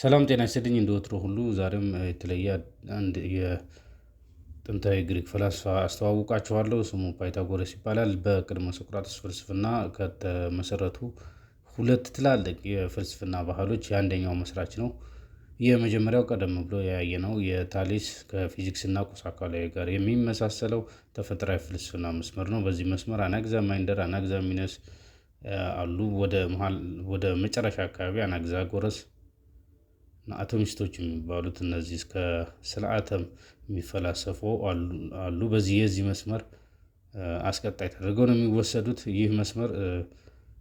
ሰላም ጤና ይስጥልኝ። እንደወትሮ ሁሉ ዛሬም የተለየ አንድ የጥንታዊ ግሪክ ፈላስፋ አስተዋውቃችኋለሁ። ስሙ ፓይታጎረስ ይባላል። በቅድመ ሶቅራጥስ ፍልስፍና ከተመሰረቱ ሁለት ትላልቅ የፍልስፍና ባህሎች የአንደኛው መስራች ነው። የመጀመሪያው ቀደም ብሎ ያየነው የታሊስ ከፊዚክስ እና ቁስ አካላዊ ጋር የሚመሳሰለው ተፈጥሯዊ ፍልስፍና መስመር ነው። በዚህ መስመር አናግዛማይንደር፣ አናግዛሚነስ አሉ። ወደ መጨረሻ አካባቢ አናግዛጎረስ አቶሚስቶች የሚባሉት እነዚህ እስከ ስለ አተም የሚፈላሰፉ አሉ። በዚህ የዚህ መስመር አስቀጣይ ተደርገው ነው የሚወሰዱት። ይህ መስመር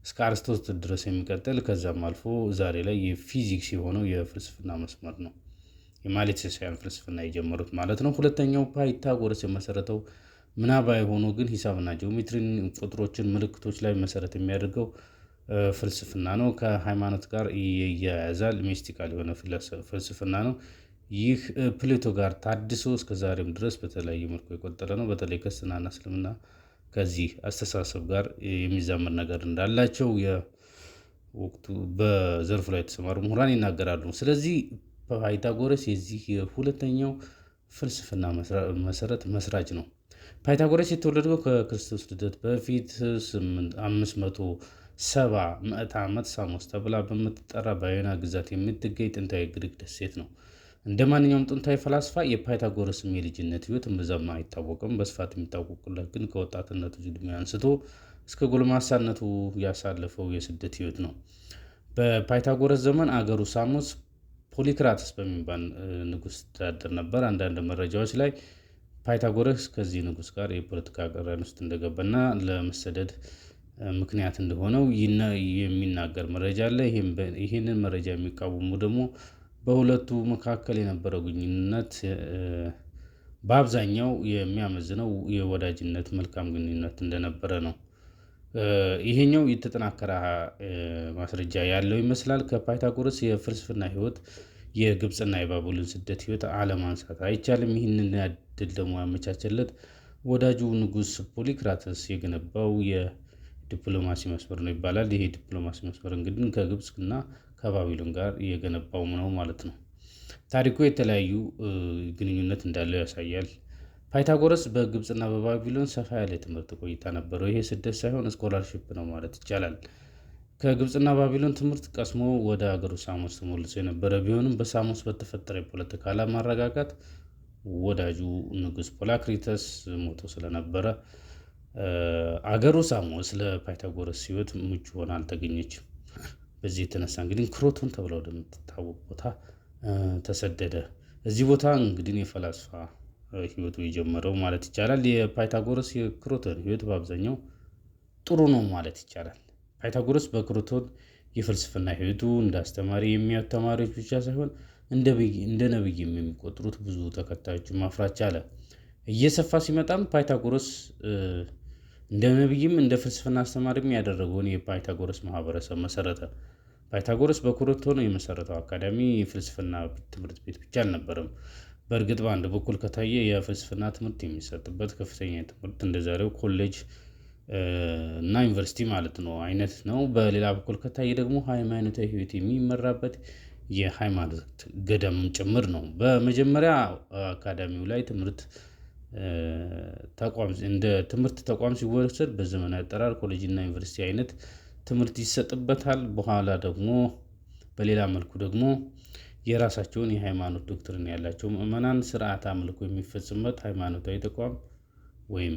እስከ አርስቶት ድረስ የሚቀጥል ከዛም አልፎ ዛሬ ላይ የፊዚክስ የሆነው የፍልስፍና መስመር ነው። የማሌቴሳውያን ፍልስፍና የጀመሩት ማለት ነው። ሁለተኛው ፓይታጎረስ የመሰረተው ምናባዊ ሆኖ ግን ሂሳብና ጂኦሜትሪን፣ ቁጥሮችን፣ ምልክቶች ላይ መሰረት የሚያደርገው ፍልስፍና ነው። ከሃይማኖት ጋር ይያያዛል። ሚስቲካል የሆነ ፍልስፍና ነው። ይህ ፕሌቶ ጋር ታድሶ እስከዛሬም ድረስ በተለያየ መልኩ የቆጠረ ነው። በተለይ ክርስትናና እስልምና ከዚህ አስተሳሰብ ጋር የሚዛመድ ነገር እንዳላቸው ወቅቱ በዘርፉ ላይ የተሰማሩ ምሁራን ይናገራሉ። ስለዚህ ፓይታጎረስ የዚህ የሁለተኛው ፍልስፍና መሰረት መስራች ነው። ፓይታጎረስ የተወለደው ከክርስቶስ ልደት በፊት 500 ሰባ ምዕተ ዓመት ሳሞስ ተብላ በምትጠራ በአዮና ግዛት የምትገኝ ጥንታዊ ግሪክ ደሴት ነው። እንደ ማንኛውም ጥንታዊ ፈላስፋ የፓይታጎረስም የልጅነት ሕይወት እምብዛም አይታወቅም። በስፋት የሚታወቁለት ግን ከወጣትነቱ ዕድሜ አንስቶ እስከ ጎልማሳነቱ ያሳለፈው የስደት ህይወት ነው። በፓይታጎረስ ዘመን አገሩ ሳሞስ ፖሊክራትስ በሚባል ንጉስ ተዳደር ነበር። አንዳንድ መረጃዎች ላይ ፓይታጎረስ ከዚህ ንጉስ ጋር የፖለቲካ ቅራኔ ውስጥ እንደገባና ለመሰደድ ምክንያት እንደሆነው የሚናገር መረጃ አለ። ይህንን መረጃ የሚቃወሙ ደግሞ በሁለቱ መካከል የነበረው ግንኙነት በአብዛኛው የሚያመዝነው የወዳጅነት መልካም ግንኙነት እንደነበረ ነው። ይሄኛው የተጠናከረ ማስረጃ ያለው ይመስላል። ከፓይታጎረስ የፍልስፍና ህይወት የግብፅና የባቡልን ስደት ህይወት አለማንሳት አይቻልም። ይህንን ያድል ደግሞ ያመቻቸለት ወዳጁ ንጉስ ፖሊክራተስ የገነባው ዲፕሎማሲ መስመር ነው ይባላል። ይሄ ዲፕሎማሲ መስመር እንግዲህ ከግብጽ እና ከባቢሎን ጋር የገነባው ነው ማለት ነው። ታሪኩ የተለያዩ ግንኙነት እንዳለው ያሳያል። ፓይታጎረስ በግብፅና በባቢሎን ሰፋ ያለ ትምህርት ቆይታ ነበረው። ይሄ ስደት ሳይሆን ስኮላርሽፕ ነው ማለት ይቻላል። ከግብፅና ባቢሎን ትምህርት ቀስሞ ወደ አገሩ ሳሞስ ተመልሶ የነበረ ቢሆንም በሳሞስ በተፈጠረ የፖለቲካ አለመረጋጋት ወዳጁ ንጉስ ፖላክሪተስ ሞቶ ስለነበረ አገሩ ሳሞስ ለፓይታጎረስ ሕይወት ምቹ ሆና አልተገኘችም። በዚህ የተነሳ እንግዲህ ክሮቶን ተብላ ወደምትታወቅ ቦታ ተሰደደ። እዚህ ቦታ እንግዲህ የፈላስፋ ሕይወቱ የጀመረው ማለት ይቻላል። የፓይታጎረስ የክሮቶን ሕይወት በአብዛኛው ጥሩ ነው ማለት ይቻላል። ፓይታጎረስ በክሮቶን የፍልስፍና ሕይወቱ እንደ አስተማሪ የሚያዩ ተማሪዎች ብቻ ሳይሆን እንደ ነብይ የሚቆጥሩት ብዙ ተከታዮች ማፍራት ቻለ። እየሰፋ ሲመጣም ፓይታጎረስ እንደ ነቢይም እንደ ፍልስፍና አስተማሪም ያደረገውን የፓይታጎረስ ማህበረሰብ መሰረተ። ፓይታጎረስ በኮረንቶ ነው የመሰረተው አካዳሚ የፍልስፍና ትምህርት ቤት ብቻ አልነበረም። በእርግጥ በአንድ በኩል ከታየ የፍልስፍና ትምህርት የሚሰጥበት ከፍተኛ ትምህርት እንደዛሬው ኮሌጅ እና ዩኒቨርሲቲ ማለት ነው አይነት ነው። በሌላ በኩል ከታየ ደግሞ ሃይማኖታዊ ህይወት የሚመራበት የሃይማኖት ገዳም ጭምር ነው። በመጀመሪያ አካዳሚው ላይ ትምህርት ተቋም እንደ ትምህርት ተቋም ሲወሰድ በዘመናዊ አጠራር ኮሌጅና ዩኒቨርሲቲ አይነት ትምህርት ይሰጥበታል። በኋላ ደግሞ በሌላ መልኩ ደግሞ የራሳቸውን የሃይማኖት ዶክትሪን ያላቸው ምዕመናን ስርዓተ አምልኮ የሚፈጽምበት ሃይማኖታዊ ተቋም ወይም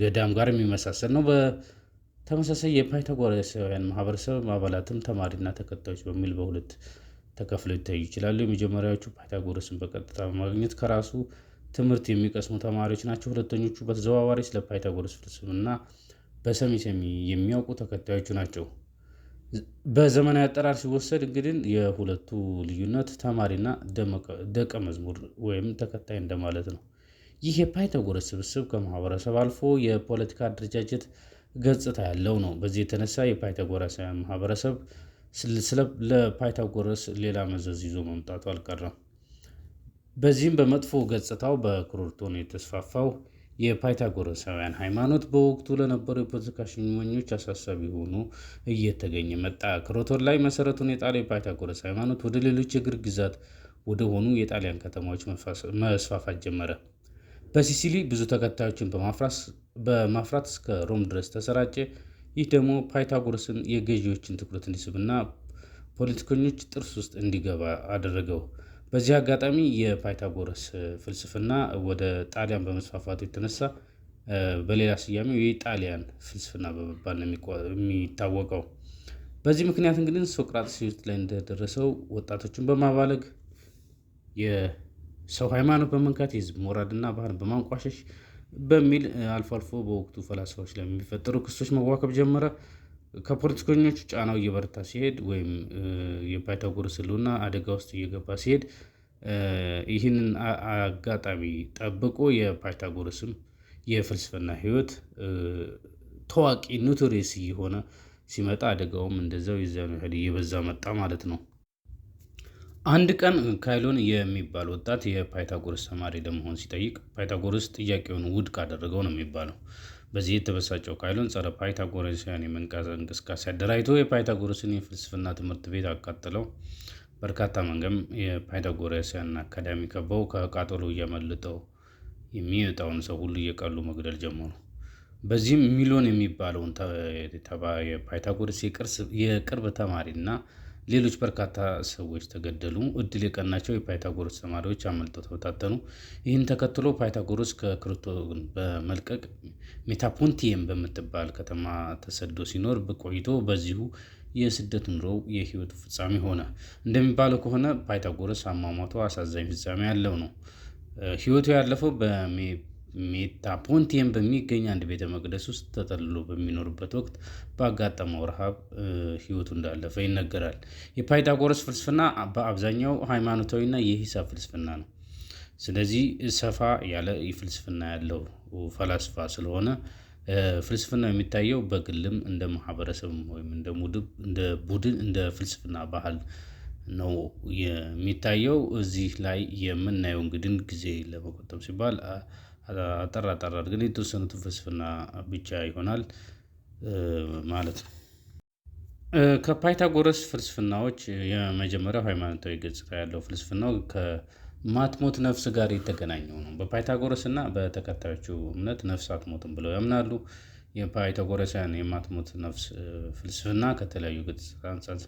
ገዳም ጋር የሚመሳሰል ነው። በተመሳሳይ የፓይታጎራሳውያን ማህበረሰብ አባላትም ተማሪና ተከታዮች በሚል በሁለት ተከፍለው ይታዩ ይችላሉ። የመጀመሪያዎቹ ፓይታጎረስን በቀጥታ በማግኘት ከራሱ ትምህርት የሚቀስሙ ተማሪዎች ናቸው። ሁለተኞቹ በተዘዋዋሪ ስለ ፓይታጎረስ ፍልስፍና በሰሚ ሰሚ የሚያውቁ ተከታዮቹ ናቸው። በዘመናዊ አጠራር ሲወሰድ እንግዲህ የሁለቱ ልዩነት ተማሪና ደቀ መዝሙር ወይም ተከታይ እንደማለት ነው። ይህ የፓይታጎረስ ስብስብ ከማህበረሰብ አልፎ የፖለቲካ አደረጃጀት ገጽታ ያለው ነው። በዚህ የተነሳ የፓይታጎረሳውያን ማህበረሰብ ለፓይታጎረስ ሌላ መዘዝ ይዞ መምጣቱ አልቀረም። በዚህም በመጥፎ ገጽታው በኩሮርቶ ነው የተስፋፋው። የፓይታጎረሳውያን ሃይማኖት በወቅቱ ለነበሩ የፖለቲካ ሽሞኞች አሳሳቢ ሆኖ እየተገኘ መጣ። ክሮቶን ላይ መሰረቱን የጣለው የፓይታጎረስ ሃይማኖት ወደ ሌሎች የግሪክ ግዛት ወደ ሆኑ የጣሊያን ከተማዎች መስፋፋት ጀመረ። በሲሲሊ ብዙ ተከታዮችን በማፍራት እስከ ሮም ድረስ ተሰራጨ። ይህ ደግሞ ፓይታጎረስን የገዢዎችን ትኩረት እንዲስብና ፖለቲከኞች ጥርስ ውስጥ እንዲገባ አደረገው። በዚህ አጋጣሚ የፓይታጎረስ ፍልስፍና ወደ ጣሊያን በመስፋፋቱ የተነሳ በሌላ ስያሜው የጣሊያን ፍልስፍና በመባል ነው የሚታወቀው። በዚህ ምክንያት እንግዲህ ሶቅራጥስ ሕይወት ላይ እንደደረሰው ወጣቶችን በማባለግ የሰው ሃይማኖት በመንካት የህዝብ ሞራድና ባህል በማንቋሸሽ በሚል አልፎ አልፎ በወቅቱ ፈላስፋዎች ላይ የሚፈጠሩ ክሶች መዋከብ ጀመረ። ከፖለቲከኞቹ ጫናው እየበረታ ሲሄድ ወይም የፓይታጎረስ ሕልውና አደጋ ውስጥ እየገባ ሲሄድ ይህንን አጋጣሚ ጠብቆ የፓይታጎረስም የፍልስፍና ህይወት ታዋቂ ኑትሬሲ የሆነ ሲመጣ አደጋውም እንደዛው የዚያኑ ያህል እየበዛ መጣ ማለት ነው። አንድ ቀን ካይሎን የሚባል ወጣት የፓይታጎርስ ተማሪ ለመሆን ሲጠይቅ ፓይታጎርስ ጥያቄውን ውድቅ አደረገው ነው የሚባለው። በዚህ የተበሳጨው ካይሎን ጸረ ፓይታጎረሲያን የመንቃት እንቅስቃሴ አደራጅቶ የፓይታጎረስን የፍልስፍና ትምህርት ቤት አቃጥለው በርካታ መንገም የፓይታጎረሲያን አካዳሚ ከበው ከቃጠሎ እያመልጠው የሚወጣውን ሰው ሁሉ እየቀሉ መግደል ጀመሩ። በዚህም ሚሎን የሚባለውን የፓይታጎረስ የቅርብ ተማሪ ተማሪና ሌሎች በርካታ ሰዎች ተገደሉ። እድል የቀናቸው የፓይታጎረስ ተማሪዎች አመልጠው ተበታተኑ። ይህን ተከትሎ ፓይታጎረስ ከክሪቶን በመልቀቅ ሜታፖንቲየም በምትባል ከተማ ተሰዶ ሲኖር ቆይቶ በዚሁ የስደት ኑሮ የህይወቱ ፍጻሜ ሆነ። እንደሚባለው ከሆነ ፓይታጎረስ አሟሟቱ አሳዛኝ ፍጻሜ ያለው ነው። ህይወቱ ያለፈው በሜ ሜታ ፖንቲየም በሚገኝ አንድ ቤተ መቅደስ ውስጥ ተጠልሎ በሚኖርበት ወቅት ባጋጠመው ረሃብ ህይወቱ እንዳለፈ ይነገራል። የፓይታጎረስ ፍልስፍና በአብዛኛው ሃይማኖታዊና የሂሳብ ፍልስፍና ነው። ስለዚህ ሰፋ ያለ ፍልስፍና ያለው ፈላስፋ ስለሆነ ፍልስፍና የሚታየው በግልም እንደ ማህበረሰብም ወይም እንደ ቡድን እንደ ፍልስፍና ባህል ነው የሚታየው። እዚህ ላይ የምናየው እንግዲህ ጊዜ ለመቆጠብ ሲባል አጠር አጠር አድርገን የተወሰኑትን ፍልስፍና ብቻ ይሆናል ማለት ነው። ከፓይታጎረስ ፍልስፍናዎች የመጀመሪያው ሃይማኖታዊ ገጽታ ያለው ፍልስፍናው ከማትሞት ነፍስ ጋር የተገናኘው ነው። በፓይታጎረስ እና በተከታዮቹ እምነት ነፍስ አትሞትም ብለው ያምናሉ። የፓይታጎረሳያን የማትሞት ነፍስ ፍልስፍና ከተለያዩ ገጽታ አንጻር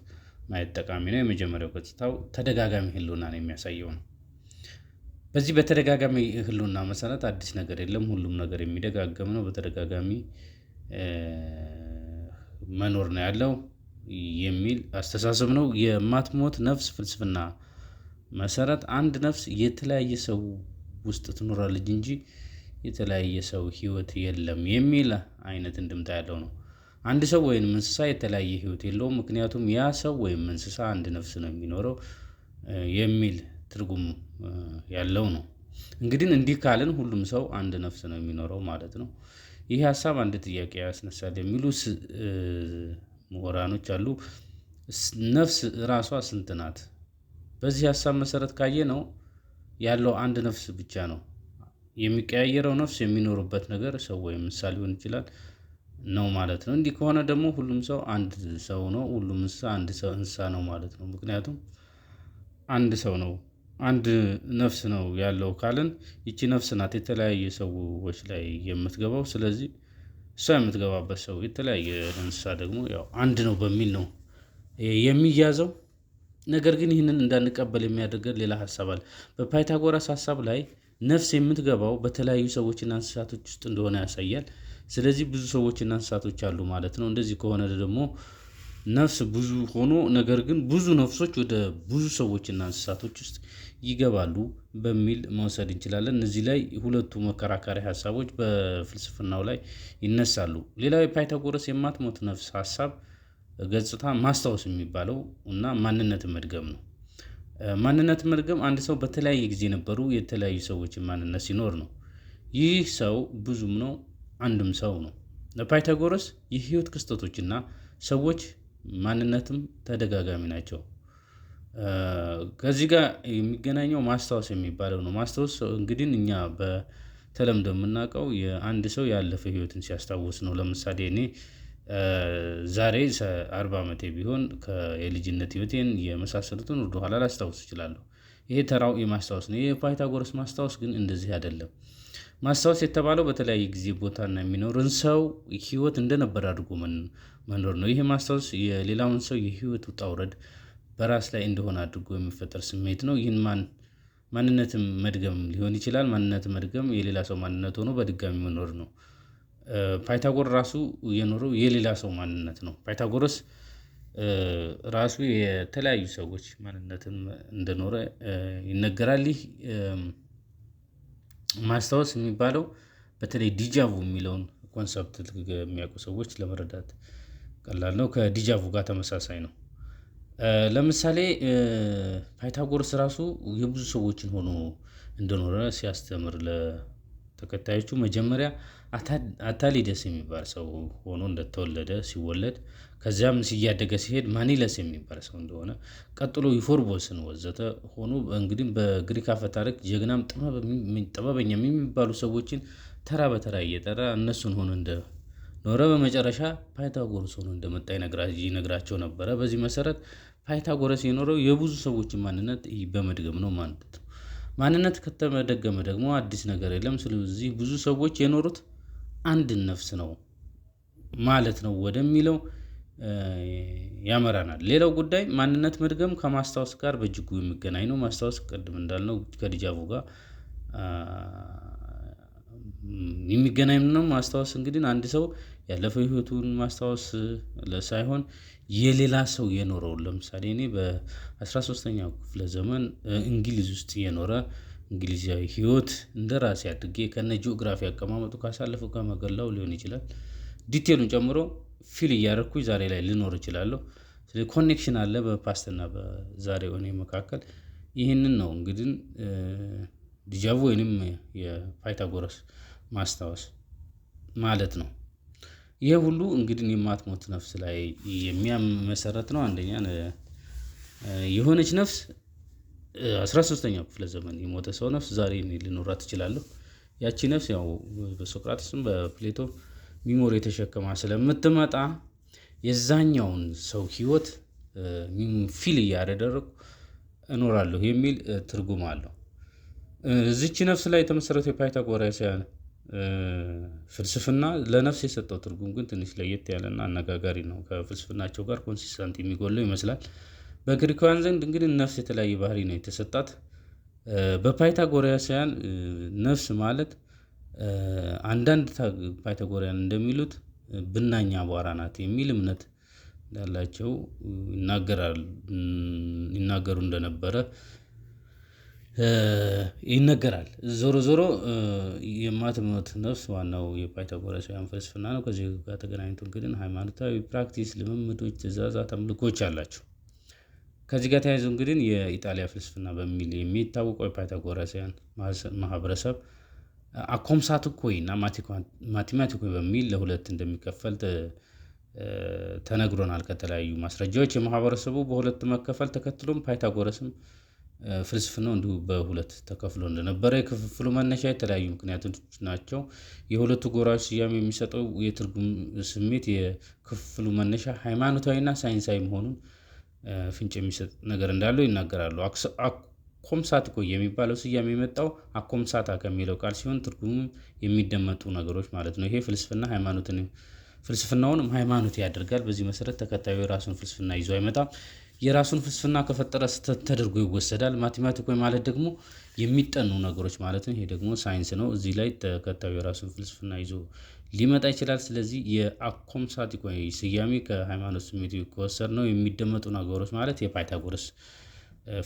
ማየት ጠቃሚ ነው። የመጀመሪያው ገጽታው ተደጋጋሚ ህልውናን የሚያሳየው ነው። በዚህ በተደጋጋሚ ህልውና መሰረት አዲስ ነገር የለም። ሁሉም ነገር የሚደጋገም ነው። በተደጋጋሚ መኖር ነው ያለው የሚል አስተሳሰብ ነው። የማትሞት ነፍስ ፍልስፍና መሰረት አንድ ነፍስ የተለያየ ሰው ውስጥ ትኖራለች እንጂ የተለያየ ሰው ህይወት የለም የሚል አይነት እንድምታ ያለው ነው። አንድ ሰው ወይም እንስሳ የተለያየ ህይወት የለውም፣ ምክንያቱም ያ ሰው ወይም እንስሳ አንድ ነፍስ ነው የሚኖረው የሚል ትርጉም ያለው ነው። እንግዲህ እንዲህ ካልን ሁሉም ሰው አንድ ነፍስ ነው የሚኖረው ማለት ነው። ይህ ሀሳብ አንድ ጥያቄ ያስነሳል የሚሉ ምሁራኖች አሉ። ነፍስ ራሷ ስንት ናት? በዚህ ሀሳብ መሰረት ካየ ነው ያለው አንድ ነፍስ ብቻ ነው። የሚቀያየረው ነፍስ የሚኖሩበት ነገር ሰው ወይም እንስሳ ሊሆን ይችላል ነው ማለት ነው። እንዲህ ከሆነ ደግሞ ሁሉም ሰው አንድ ሰው ነው፣ ሁሉም እንስሳ አንድ ሰው እንስሳ ነው ማለት ነው። ምክንያቱም አንድ ሰው ነው አንድ ነፍስ ነው ያለው ካልን ይቺ ነፍስ ናት የተለያየ ሰዎች ላይ የምትገባው። ስለዚህ እሷ የምትገባበት ሰው የተለያየ እንስሳ ደግሞ ያው አንድ ነው በሚል ነው የሚያዘው። ነገር ግን ይህንን እንዳንቀበል የሚያደርገን ሌላ ሀሳብ አለ። በፓይታጎራስ ሀሳብ ላይ ነፍስ የምትገባው በተለያዩ ሰዎችና እንስሳቶች ውስጥ እንደሆነ ያሳያል። ስለዚህ ብዙ ሰዎችና እንስሳቶች አሉ ማለት ነው። እንደዚህ ከሆነ ደግሞ ነፍስ ብዙ ሆኖ ነገር ግን ብዙ ነፍሶች ወደ ብዙ ሰዎችና እንስሳቶች ውስጥ ይገባሉ በሚል መውሰድ እንችላለን። እነዚህ ላይ ሁለቱ መከራከሪያ ሀሳቦች በፍልስፍናው ላይ ይነሳሉ። ሌላው የፓይታጎረስ የማትሞት ነፍስ ሀሳብ ገጽታ ማስታወስ የሚባለው እና ማንነት መድገም ነው። ማንነት መድገም አንድ ሰው በተለያየ ጊዜ የነበሩ የተለያዩ ሰዎችን ማንነት ሲኖር ነው። ይህ ሰው ብዙም ነው፣ አንድም ሰው ነው። ለፓይታጎረስ የህይወት ክስተቶችና ሰዎች ማንነትም ተደጋጋሚ ናቸው። ከዚህ ጋር የሚገናኘው ማስታወስ የሚባለው ነው። ማስታወስ እንግዲህ እኛ በተለምዶ የምናውቀው የአንድ ሰው ያለፈ ህይወትን ሲያስታውስ ነው። ለምሳሌ እኔ ዛሬ አርባ ዓመቴ ቢሆን የልጅነት ህይወቴን የመሳሰሉትን ወደኋላ ላስታውስ እችላለሁ ይሄ ተራው የማስታወስ ነው። የፓይታጎረስ ማስታወስ ግን እንደዚህ አይደለም። ማስታወስ የተባለው በተለያየ ጊዜ ቦታና የሚኖርን ሰው ህይወት እንደነበር አድርጎ መኖር ነው። ይህ ማስታወስ የሌላውን ሰው የህይወት ውጣ ውረድ በራስ ላይ እንደሆነ አድርጎ የሚፈጠር ስሜት ነው። ይህን ማንነትም መድገም ሊሆን ይችላል። ማንነት መድገም የሌላ ሰው ማንነት ሆኖ በድጋሚ መኖር ነው። ፓይታጎር ራሱ የኖረው የሌላ ሰው ማንነት ነው። ፓይታጎረስ ራሱ የተለያዩ ሰዎች ማንነትም እንደኖረ ይነገራል። ይህ ማስታወስ የሚባለው በተለይ ዲጃቡ የሚለውን ኮንሰፕት የሚያውቁ ሰዎች ለመረዳት ቀላል ነው። ከዲጃቡ ጋር ተመሳሳይ ነው። ለምሳሌ ፓይታጎርስ ራሱ የብዙ ሰዎችን ሆኖ እንደኖረ ሲያስተምር ተከታዮቹ መጀመሪያ አታሊደስ የሚባል ሰው ሆኖ እንደተወለደ ሲወለድ ከዚያም እያደገ ሲሄድ ማኒለስ የሚባል ሰው እንደሆነ ቀጥሎ ዩፎርቦስን ወዘተ ሆኖ እንግዲህ በግሪክ አፈታሪክ ጀግናም ጥበበኛም የሚባሉ ሰዎችን ተራ በተራ እየጠራ እነሱን ሆኖ እንደ ኖረ በመጨረሻ ፓይታጎረስ ሆኖ እንደመጣ ይነግራቸው ነበረ። በዚህ መሰረት ፓይታጎረስ የኖረው የብዙ ሰዎችን ማንነት በመድገም ነው ማለት ነው። ማንነት ከተመደገመ ደግሞ አዲስ ነገር የለም። ስለዚህ ብዙ ሰዎች የኖሩት አንድን ነፍስ ነው ማለት ነው ወደሚለው ያመራናል። ሌላው ጉዳይ ማንነት መድገም ከማስታወስ ጋር በእጅጉ የሚገናኝ ነው። ማስታወስ ቅድም እንዳልነው ከዲጃቡ ጋር የሚገናኝ ነው። ማስታወስ እንግዲህ አንድ ሰው ያለፈው ህይወቱን ማስታወስ ሳይሆን የሌላ ሰው የኖረውን ለምሳሌ እኔ በ13ኛው ክፍለ ዘመን እንግሊዝ ውስጥ የኖረ እንግሊዛዊ ህይወት እንደ ራሴ አድርጌ ከነ ጂኦግራፊ አቀማመጡ ካሳለፈው ከመገላው ሊሆን ይችላል ዲቴሉን ጨምሮ ፊል እያደረግኩኝ ዛሬ ላይ ልኖር እችላለሁ። ስለ ኮኔክሽን አለ በፓስትና በዛሬ ሆኔ መካከል ይህንን ነው እንግዲህ ዲጃቩ ወይንም የፓይታጎረስ ማስታወስ ማለት ነው። ይሄ ሁሉ እንግዲህ የማትሞት ነፍስ ላይ የሚያመሰረት ነው። አንደኛ የሆነች ነፍስ አስራ ሶስተኛው ክፍለ ዘመን የሞተ ሰው ነፍስ ዛሬ ልኖራት ትችላለሁ። ያቺ ነፍስ ያው በሶቅራጥስም በፕሌቶ ሚሞሪ የተሸከማ ስለምትመጣ የዛኛውን ሰው ህይወት ፊል እያደረኩ እኖራለሁ የሚል ትርጉም አለው። እዚች ነፍስ ላይ የተመሰረተው የፓይታጎራሲያን ፍልስፍና ለነፍስ የሰጠው ትርጉም ግን ትንሽ ለየት ያለና አነጋጋሪ ነው። ከፍልስፍናቸው ጋር ኮንሲስተንት የሚጎለው ይመስላል። በግሪካውያን ዘንድ እንግዲህ ነፍስ የተለያየ ባህሪ ነው የተሰጣት። በፓይታጎሪያሳያን ነፍስ ማለት አንዳንድ ፓይታጎሪያን እንደሚሉት ብናኝ አቧራ ናት የሚል እምነት እንዳላቸው ይናገሩ እንደነበረ ይነገራል። ዞሮ ዞሮ የማትሞት ነፍስ ዋናው የፓይታጎራሳውያን ፍልስፍና ነው። ከዚህ ጋር ተገናኝቶ እንግዲህ ሃይማኖታዊ ፕራክቲስ፣ ልምምዶች፣ ትእዛዛት፣ አምልኮች አላቸው። ከዚህ ጋር ተያይዞ እንግዲህ የኢጣሊያ ፍልስፍና በሚል የሚታወቀው የፓይታጎራሳውያን ማህበረሰብ አኮምሳትኮይ እና ማቴማቲኮይ በሚል ለሁለት እንደሚከፈል ተነግሮናል ከተለያዩ ማስረጃዎች። የማህበረሰቡ በሁለት መከፈል ተከትሎም ፓይታጎረስም ፍልስፍናው እንዲሁ በሁለት ተከፍሎ እንደነበረ የክፍፍሉ መነሻ የተለያዩ ምክንያቶች ናቸው። የሁለቱ ጎራዎች ስያሜ የሚሰጠው የትርጉም ስሜት የክፍፍሉ መነሻ ሃይማኖታዊና ሳይንሳዊ መሆኑን ፍንጭ የሚሰጥ ነገር እንዳለው ይናገራሉ። ቆይ የሚባለው ስያሜ የመጣው አኮምሳታ ከሚለው ቃል ሲሆን ትርጉሙም የሚደመጡ ነገሮች ማለት ነው። ይሄ ፍልስፍና ሃይማኖትን ፍልስፍናውንም ሃይማኖት ያደርጋል። በዚህ መሰረት ተከታዩ የራሱን ፍልስፍና ይዞ አይመጣም። የራሱን ፍልስፍና ከፈጠረ ስህተት ተደርጎ ይወሰዳል። ማቴማቲክ ወይ ማለት ደግሞ የሚጠኑ ነገሮች ማለት ነው። ይሄ ደግሞ ሳይንስ ነው። እዚህ ላይ ተከታዩ የራሱን ፍልስፍና ይዞ ሊመጣ ይችላል። ስለዚህ የአኮምሳቲክ ወይ ስያሜ ከሃይማኖት ስሜት ከወሰድ ነው የሚደመጡ ነገሮች ማለት የፓይታጎረስ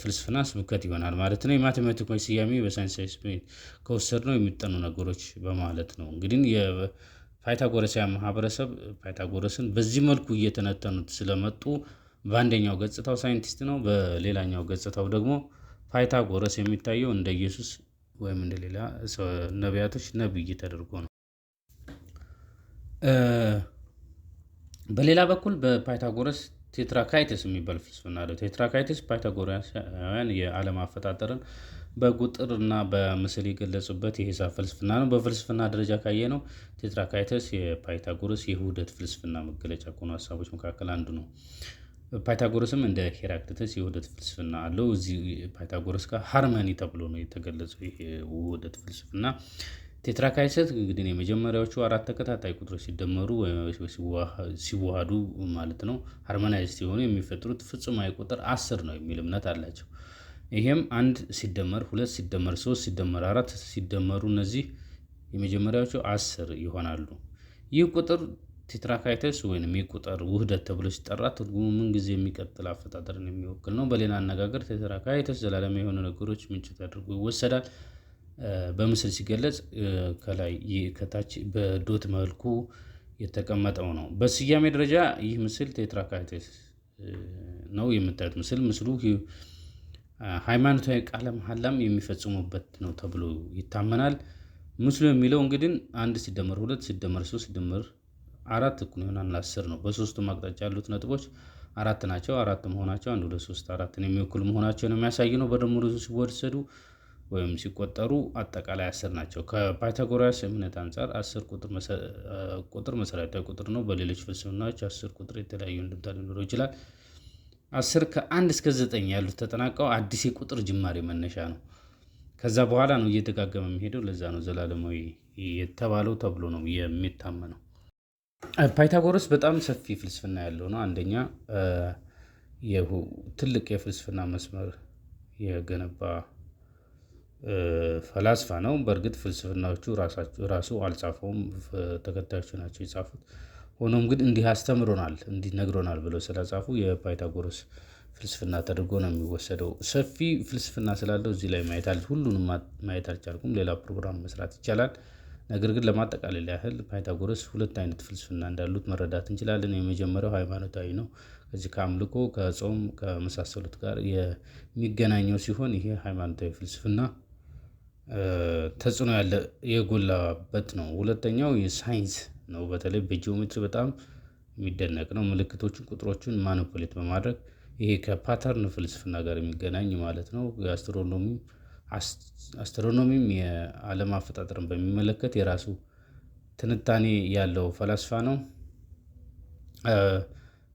ፍልስፍና ስብከት ይሆናል ማለት ነው። የማቴማቲክ ወይ ስያሜ በሳይንሳዊ ስሜት ከወሰድ ነው የሚጠኑ ነገሮች በማለት ነው እንግዲህ ፓይታጎረሲያ ማህበረሰብ ፓይታጎረስን በዚህ መልኩ እየተነተኑት ስለመጡ በአንደኛው ገጽታው ሳይንቲስት ነው፣ በሌላኛው ገጽታው ደግሞ ፓይታጎረስ የሚታየው እንደ ኢየሱስ ወይም እንደ ሌላ ነቢያቶች ነብይ ተደርጎ ነው። በሌላ በኩል በፓይታጎረስ ቴትራካይትስ የሚባል ፍልስፍና አለ። ቴትራካይትስ ፓይታጎራውያን የዓለም አፈጣጠርን በቁጥር እና በምስል የገለጹበት የሂሳብ ፍልስፍና ነው። በፍልስፍና ደረጃ ካየ ነው ቴትራካይተስ የፓይታጎረስ የውህደት ፍልስፍና መገለጫ ከሆኑ ሀሳቦች መካከል አንዱ ነው። ፓይታጎረስም እንደ ሄራክሊተስ የውህደት ፍልስፍና አለው። እዚህ ፓይታጎረስ ጋር ሃርመኒ ተብሎ ነው የተገለጸው። ይሄ ውህደት ፍልስፍና ቴትራካይሰት እንግዲህ የመጀመሪያዎቹ አራት ተከታታይ ቁጥሮች ሲደመሩ ሲዋሃዱ ማለት ነው ሃርመናይዝ ሲሆኑ የሚፈጥሩት ፍጹማዊ ቁጥር አስር ነው የሚል እምነት አላቸው። ይሄም አንድ ሲደመር ሁለት ሲደመር ሶስት ሲደመር አራት ሲደመሩ እነዚህ የመጀመሪያዎቹ አስር ይሆናሉ። ይህ ቁጥር ቲትራካይተስ ወይም የቁጥር ውህደት ተብሎ ሲጠራ ትርጉሙ ምንጊዜ የሚቀጥል አፈጣጠርን የሚወክል ነው። በሌላ አነጋገር ቴትራካይተስ ዘላለም የሆኑ ነገሮች ምንጭ ተደርጎ ይወሰዳል። በምስል ሲገለጽ ከላይ ከታች በዶት መልኩ የተቀመጠው ነው። በስያሜ ደረጃ ይህ ምስል ቴትራካይተስ ነው። የምታዩት ምስል ምስሉ ሃይማኖታዊ ቃለ መሐላም የሚፈጽሙበት ነው ተብሎ ይታመናል። ምስሉ የሚለው እንግዲህ አንድ ሲደመር ሁለት ሲደመር ሶስት ሲደመር አራት እኩል ይሆናል አስር ነው። በሶስቱም አቅጣጫ ያሉት ነጥቦች አራት ናቸው። አራት መሆናቸው አንድ ሁለት ሶስት አራትን የሚወክሉ መሆናቸውን የሚያሳይ ነው። በድምሩ ሲወሰዱ ወይም ሲቆጠሩ አጠቃላይ አስር ናቸው። ከፓይታጎራስ እምነት አንጻር አስር ቁጥር መሰረታዊ ቁጥር ነው። በሌሎች ፍልስፍናዎች አስር ቁጥር የተለያዩ እንድምታ ሊኖረው ይችላል። አስር ከአንድ እስከ ዘጠኝ ያሉት ተጠናቀው አዲስ የቁጥር ጅማሬ መነሻ ነው። ከዛ በኋላ ነው እየተጋገመ የሚሄደው። ለዛ ነው ዘላለማዊ የተባለው ተብሎ ነው የሚታመነው። ፓይታጎረስ በጣም ሰፊ ፍልስፍና ያለው ነው። አንደኛ ትልቅ የፍልስፍና መስመር የገነባ ፈላስፋ ነው። በእርግጥ ፍልስፍናዎቹ ራሱ አልጻፈውም፣ ተከታዮቹ ናቸው የጻፉት። ሆኖም ግን እንዲህ አስተምሮናል፣ እንዲህ ነግሮናል ብለው ስለጻፉ የፓይታጎረስ ፍልስፍና ተደርጎ ነው የሚወሰደው። ሰፊ ፍልስፍና ስላለው እዚህ ላይ ማየት ሁሉንም ማየት አልቻልኩም። ሌላ ፕሮግራም መስራት ይቻላል። ነገር ግን ለማጠቃለል ያህል ፓይታጎረስ ሁለት አይነት ፍልስፍና እንዳሉት መረዳት እንችላለን። የመጀመሪያው ሃይማኖታዊ ነው። ከዚህ ከአምልኮ ከጾም ከመሳሰሉት ጋር የሚገናኘው ሲሆን ይሄ ሃይማኖታዊ ፍልስፍና ተጽዕኖ ያለ የጎላበት ነው። ሁለተኛው የሳይንስ ነው። በተለይ በጂኦሜትሪ በጣም የሚደነቅ ነው። ምልክቶችን፣ ቁጥሮችን ማኒፑሌት በማድረግ ይሄ ከፓተርን ፍልስፍና ጋር የሚገናኝ ማለት ነው። የአስትሮኖሚ አስትሮኖሚም የአለም አፈጣጠርን በሚመለከት የራሱ ትንታኔ ያለው ፈላስፋ ነው።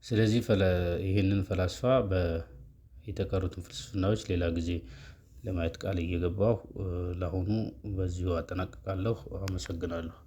ስለዚህ ይህንን ፈላስፋ የተቀሩትን ፍልስፍናዎች ሌላ ጊዜ ለማየት ቃል እየገባሁ ለአሁኑ በዚሁ አጠናቅቃለሁ። አመሰግናለሁ